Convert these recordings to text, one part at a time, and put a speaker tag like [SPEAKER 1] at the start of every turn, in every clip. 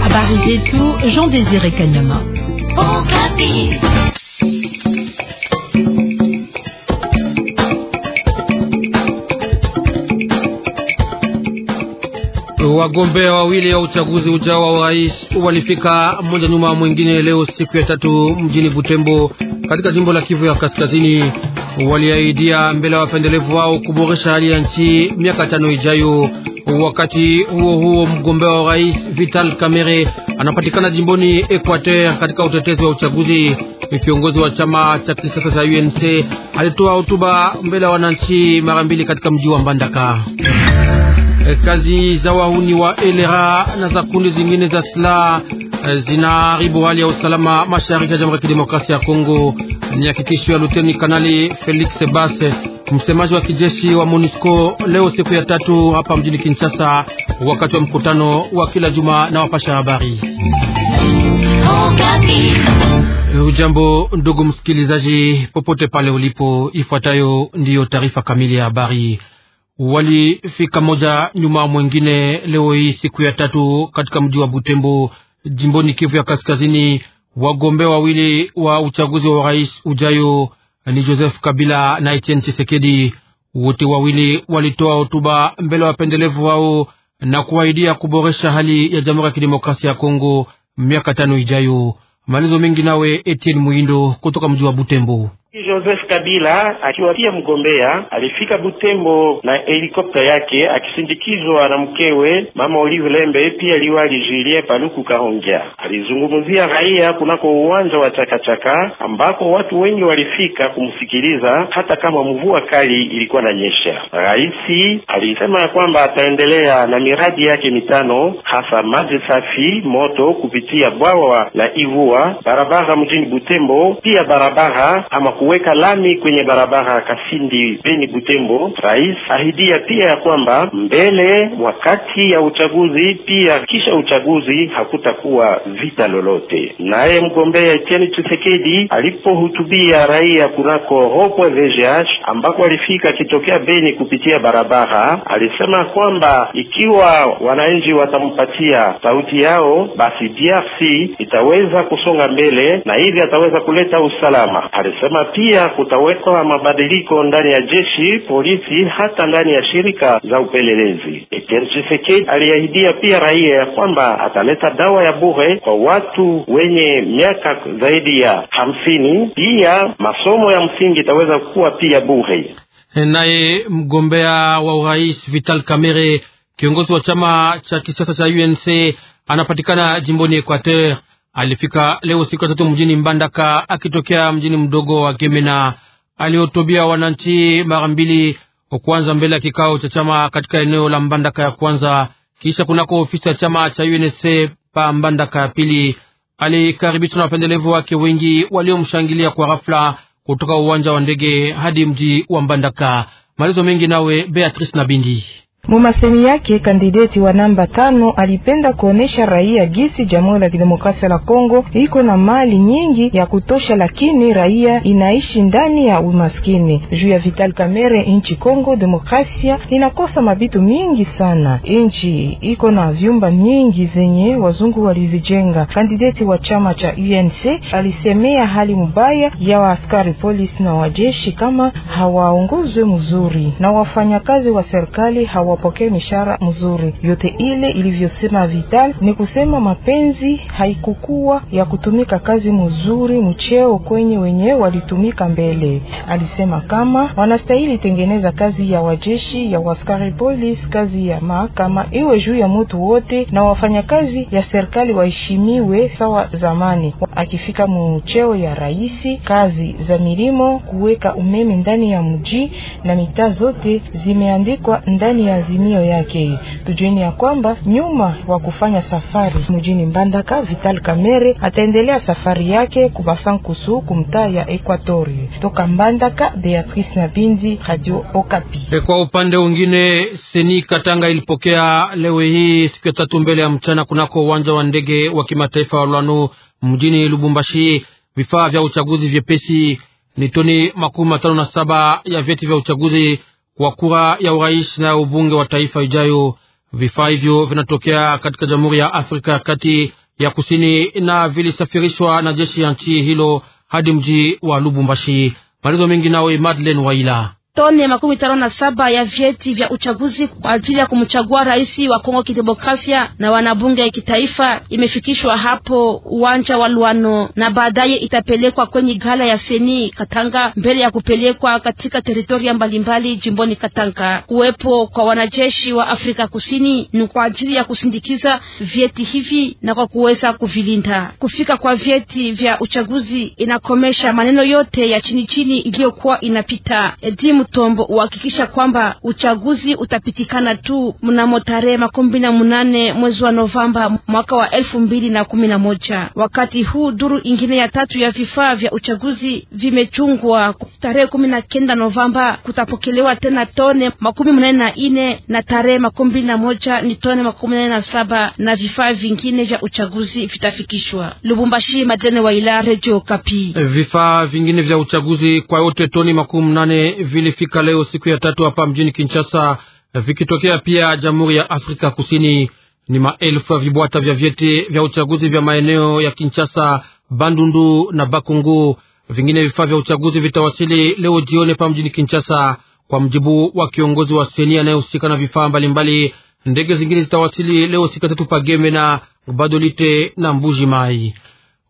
[SPEAKER 1] Habari zetu
[SPEAKER 2] Jean Désiré Kanyama.
[SPEAKER 1] Okapi.
[SPEAKER 3] Wagombea wawili wa uchaguzi ujao wa urais walifika mmoja nyuma mwingine leo siku ya tatu mjini Butembo katika jimbo la Kivu ya Kaskazini. Waliahidia mbele ya wapendelevu wao kuboresha hali ya nchi miaka tano ijayo. Wakati huo huo, mgombea wa rais Vital Kamerhe anapatikana jimboni Equateur katika utetezi wa uchaguzi. Kiongozi wa chama cha kisasa cha UNC alitoa hotuba mbele ya wananchi mara mbili katika mji wa Mbandaka. Kazi za wahuni wa elera na za kundi zingine za silaha eh, zinaharibu hali ya usalama mashariki ya Jamhuri ya Kidemokrasia ya Kongo. Ni hakikisho ya Luteni Kanali Felix Basse Msemaji wa kijeshi wa MONUSCO leo siku ya tatu hapa mjini Kinshasa, wakati wa mkutano wa kila juma na wapasha habari. Ujambo ndugu msikilizaji, popote pale ulipo, ifuatayo ndiyo taarifa kamili ya habari. Walifika moja nyuma mwengine leo hii siku ya tatu katika mji wa Butembo, jimboni Kivu ya Kaskazini, wagombea wawili wa uchaguzi wa rais ujayo ni Joseph Kabila na Etienne Chisekedi. Wote wawili walitoa hotuba mbele wa wapendelevu wao na kuahidia kuboresha hali ya Jamhuri ya Kidemokrasia ya Kongo miaka tano ijayo. Maelezo mengi nawe Etienne Muindo kutoka mji wa Butembo.
[SPEAKER 1] Joseph Kabila akiwa pia mgombea alifika Butembo na helikopta yake akisindikizwa na mkewe mama Olive Lembe, pia liwali Julien Paluku Kahongya. Alizungumzia raia kunako uwanja wa Chakachaka ambako watu wengi walifika kumsikiliza hata kama mvua kali ilikuwa na nyesha. Raisi alisema ya kwamba ataendelea na miradi yake mitano, hasa maji safi, moto kupitia bwawa la Ivua, barabara mjini Butembo, pia barabara ama kuweka lami kwenye barabara Kasindi Beni Butembo. Rais ahidia pia ya kwamba mbele wakati ya uchaguzi pia kisha uchaguzi hakutakuwa vita lolote. Naye mgombea Etienne Tshisekedi alipohutubia raia kunako rond VGH ambako alifika akitokea Beni kupitia barabara, alisema kwamba ikiwa wananchi watampatia sauti yao, basi DRC itaweza kusonga mbele na hivi ataweza kuleta usalama. Alisema pia kutawekwa mabadiliko ndani ya jeshi, polisi, hata ndani ya shirika za upelelezi. Etienne Tshisekedi aliahidia pia raia ya kwamba ataleta dawa ya bure kwa watu wenye miaka zaidi ya hamsini. Pia masomo ya msingi itaweza kuwa pia bure.
[SPEAKER 3] Naye mgombea wa urais Vital Kamerhe, kiongozi wa chama cha kisiasa cha UNC, anapatikana jimboni Equateur alifika leo siku ya tatu mjini Mbandaka akitokea mjini mdogo wa Gemena. Alihutubia wananchi mara mbili, kwanza mbele ya kikao cha chama katika eneo la Mbandaka ya kwanza, kisha kunako ofisi ya chama cha UNC pa Mbandaka ya pili. Alikaribishwa na wapendelevu wake wengi waliomshangilia kwa ghafla kutoka uwanja wa ndege hadi mji wa Mbandaka. Maelezo mengi nawe Beatrice Nabindi.
[SPEAKER 4] Mumasemi yake kandideti wa namba tano alipenda kuonesha raia gisi Jamhuri ya Kidemokrasia la Kongo iko na mali nyingi ya kutosha, lakini raia inaishi ndani ya umaskini. Juu ya Vital Kamerhe, inchi Kongo Demokrasia inakosa mabitu mingi sana. Inchi iko na vyumba mingi zenye wazungu walizijenga. Kandideti wa chama cha UNC alisemea hali mubaya ya waaskari polisi na wajeshi kama hawaongozwe mzuri na wafanyakazi wa serikali hawa wapokee mishara mzuri. Yote ile ilivyosema Vital ni kusema mapenzi haikukuwa ya kutumika kazi mzuri mcheo kwenye wenyewe walitumika mbele. Alisema kama wanastahili tengeneza kazi ya wajeshi ya waskari polisi, kazi ya mahakama iwe juu ya mutu wote, na wafanyakazi ya serikali waheshimiwe sawa zamani. Akifika mcheo ya raisi, kazi za milimo, kuweka umeme ndani ya mji na mitaa zote zimeandikwa ndani ya azimio yake. Tujueni ya kwamba nyuma wa kufanya safari mjini Mbandaka, Vital Kamere ataendelea safari yake kubasan kusu kumtaa ya Ekwatori. Toka Mbandaka, Beatrice Nabindi, Radio Okapi.
[SPEAKER 3] E, Kwa upande mwingine, Seni Katanga ilipokea leo hii siku ya tatu mbele ya mchana kunako uwanja wa ndege wa kimataifa wa Lwanu mjini Lubumbashi vifaa vya uchaguzi vyepesi ni toni makumi matano na saba ya vyeti vya uchaguzi kwa kura ya urais na ubunge wa taifa ijayo. Vifaa hivyo vinatokea katika Jamhuri ya Afrika ya Kati ya Kusini na vilisafirishwa na jeshi ya nchi hilo hadi mji wa Lubumbashi. Maelezo mengi nawe Madeleine Waila
[SPEAKER 2] tone makumi tano na saba ya vyeti vya uchaguzi kwa ajili ya kumchagua rais wa Kongo Kidemokrasia na wanabunge ya kitaifa imefikishwa hapo uwanja wa Luano na baadaye itapelekwa kwenye gala ya Seni Katanga mbele ya kupelekwa katika teritoria mbalimbali jimboni Katanga. Kuwepo kwa wanajeshi wa Afrika Kusini ni kwa ajili ya kusindikiza vyeti hivi na kwa kuweza kuvilinda. Kufika kwa vyeti vya uchaguzi inakomesha maneno yote ya chini chini iliyokuwa inapita Edimu Mutombo uhakikisha kwamba uchaguzi utapitikana tu mnamo tarehe makumi na munane mwezi wa Novemba mwaka wa elfu mbili na kumi na moja. Wakati huu duru ingine ya tatu ya vifaa vya uchaguzi vimechungwa. Tarehe kumi na kenda Novemba kutapokelewa tena tone makumi mnane na ine na tarehe makumi mbili na moja ni tone makumi nane na saba na vifaa vingine vya uchaguzi vitafikishwa Lubumbashi. Madene wa ila Radio Kapi.
[SPEAKER 3] Vifaa vingine vya uchaguzi kwa yote toni makumi mnane vilifika leo siku ya tatu hapa mjini Kinshasa, vikitokea pia Jamhuri ya Afrika Kusini. Ni maelfu ya vibwata vya vyeti vya uchaguzi vya maeneo ya Kinshasa, Bandundu na Bakungu. Vingine vifaa vya uchaguzi vitawasili leo jioni pa mjini Kinshasa, kwa mjibu wa kiongozi wa seni anayehusika na vifaa mbalimbali. Ndege zingine zitawasili leo siku tatu Pageme na Badolite na Mbuji Mai.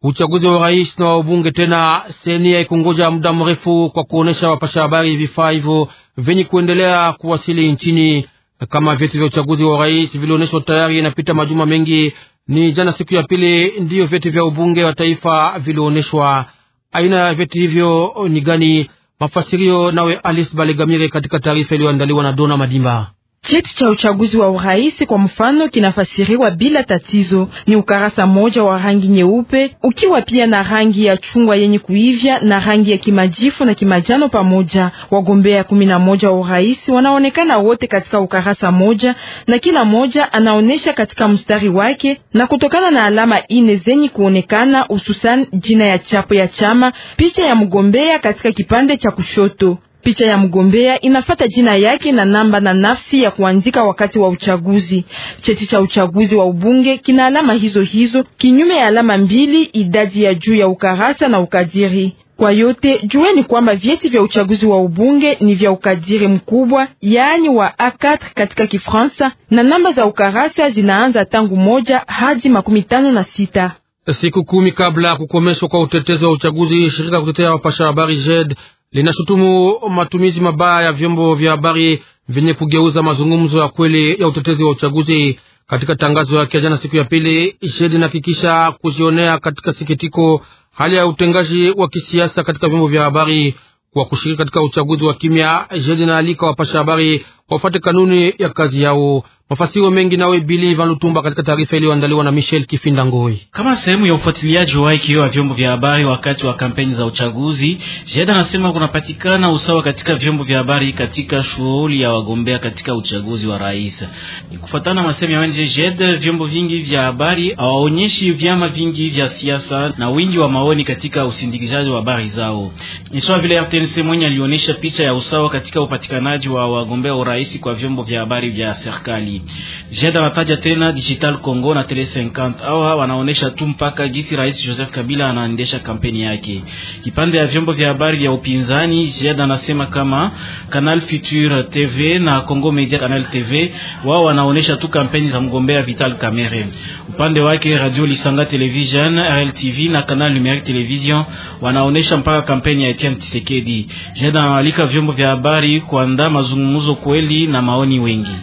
[SPEAKER 3] Uchaguzi wa rais na wa ubunge tena, seni haikungoja muda mrefu kwa kuonesha wapasha habari vifaa hivyo vyenye kuendelea kuwasili nchini kama vyeti vya uchaguzi wa rais vilionyeshwa tayari inapita majuma mengi. Ni jana siku ya pili ndiyo vyeti vya ubunge wa taifa vilionyeshwa. Aina ya vyeti hivyo ni gani? Mafasirio nawe Alice Balegamire katika taarifa iliyoandaliwa na Dona Madimba.
[SPEAKER 5] Cheti cha uchaguzi wa urais kwa mfano kinafasiriwa bila tatizo. Ni ukarasa moja wa rangi nyeupe ukiwa pia na rangi ya chungwa yenye kuivya na rangi ya kimajifu na kimajano pamoja. Wagombea kumi na moja wa urais wanaonekana wote katika ukarasa moja, na kila moja anaonesha katika mstari wake, na kutokana na alama ine zenye kuonekana, hususan jina ya chapo ya chama, picha ya mgombea katika kipande cha kushoto. Picha ya mgombea inafata jina yake na namba na nafsi ya kuandika wakati wa uchaguzi. Cheti cha uchaguzi wa ubunge kina alama hizo hizo, kinyume ya alama mbili, idadi ya juu ya ukarasa na ukadiri. Kwa yote jueni kwamba vyeti vya uchaguzi wa ubunge ni vya ukadiri mkubwa, yaani wa A4 katika Kifransa, na namba za ukarasa zinaanza tangu moja hadi makumi tano na sita.
[SPEAKER 3] Siku kumi kabla ya kukomeshwa kwa utetezi wa uchaguzi, shirika kutetea wapasha habari JED linashutumu matumizi mabaya ya vyombo vya habari vyenye kugeuza mazungumzo ya kweli ya utetezi wa uchaguzi. Katika tangazo yake jana siku ya pili, Shedi inahakikisha kujionea katika sikitiko hali ya utengaji wa kisiasa katika vyombo vya habari kwa kushiriki katika uchaguzi wa kimya. Shedi inaalika wapasha habari wafuate kanuni ya kazi yao. Mafasiro
[SPEAKER 6] mengi nawe Bili Van Lutumba katika taarifa iliyoandaliwa na Michel Kifinda Ngoi. Kama sehemu ya ufuatiliaji wa haki wa vyombo vya habari wakati wa kampeni za uchaguzi, Jeda anasema kunapatikana usawa katika vyombo vya habari katika shughuli ya wagombea katika uchaguzi wa rais. Ni kufuatana na masemo ya wenje Jeda, vyombo vingi vya habari hawaonyeshi vyama vingi vya siasa na wingi wa maoni katika usindikizaji wa habari zao. Ni sawa vile RTNC mwenye alionyesha picha ya usawa katika upatikanaji wa wagombea rahisi kwa vyombo vya habari vya serikali. Jeda anataja tena Digital Congo na Tele 50. Hawa wanaonesha tu mpaka jinsi Rais Joseph Kabila anaendesha kampeni yake. Kipande ya vyombo vya habari vya upinzani, Jeda anasema kama Canal Future TV na Congo Media Canal TV wao wanaonesha tu kampeni za mgombea Vital Kamerhe. Upande wake Radio Lisanga Television, RLTV na Canal Numerique Television wanaonesha mpaka kampeni ya Etienne Tshisekedi. Jeda anaalika vyombo vya habari kuandaa mazungumzo kwa kweli na maoni wengi.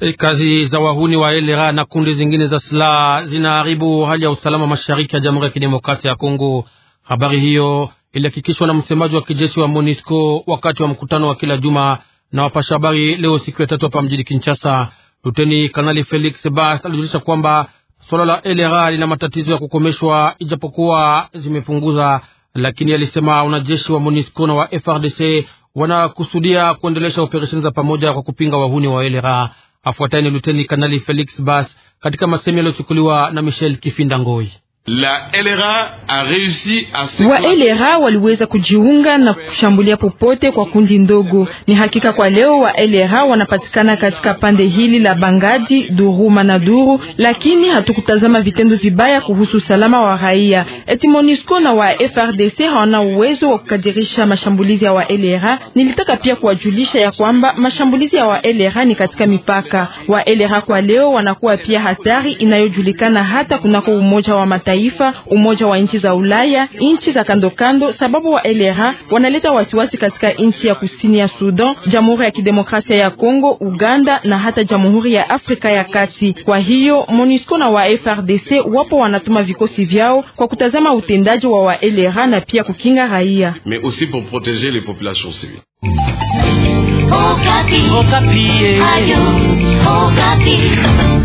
[SPEAKER 6] E, Kazi
[SPEAKER 3] za wahuni wa elera na kundi zingine za silaha zinaharibu hali ya usalama mashariki ya Jamhuri ya Kidemokrasia ya Kongo. Habari hiyo ilihakikishwa na msemaji wa kijeshi wa MONUSCO wakati wa mkutano wa kila juma na wapasha habari leo siku ya tatu hapa mjini Kinshasa. Luteni Kanali Felix Bas alijulisha kwamba suala la LRA lina matatizo ya kukomeshwa, ijapokuwa zimepunguza, lakini alisema wanajeshi wa MONUSCO na wa FRDC wanakusudia kuendelesha operesheni za pamoja kwa kupinga wahuni wa elera. Afuatani Luteni Kanali Felix Bas katika masemi yaliyochukuliwa na Michel Kifinda Ngoi.
[SPEAKER 6] La LRA a réussi a
[SPEAKER 3] wa
[SPEAKER 5] LRA waliweza kujiunga na kushambulia popote kwa kundi ndogo. Ni hakika kwa leo wa LRA wanapatikana katika pande hili la Bangadi, Duruma na Duru, lakini hatukutazama vitendo vibaya kuhusu usalama wa raia. Eti MONUSCO na wa FRDC hawana uwezo wa kukadirisha mashambulizi ya wa LRA. Nilitaka pia kuwajulisha ya kwamba mashambulizi ya wa LRA ni katika mipaka. Wa LRA kwa leo wanakuwa pia hatari inayojulikana hata kunako Umoja wa Mataifa. Mataifa, Umoja wa Nchi za Ulaya, nchi za kandokando, sababu wa LRA wanaleta wasiwasi katika nchi ya kusini ya Sudan, Jamhuri ya Kidemokrasia ya Kongo, Uganda na hata Jamhuri ya Afrika ya Kati. Kwa hiyo MONUSCO na wa FRDC wapo wanatuma vikosi vyao kwa kutazama utendaji wa wa LRA na pia kukinga raia.
[SPEAKER 6] Mais aussi pour protéger les populations civiles.
[SPEAKER 2] Okapi. Okapi. Ayo. Okapi.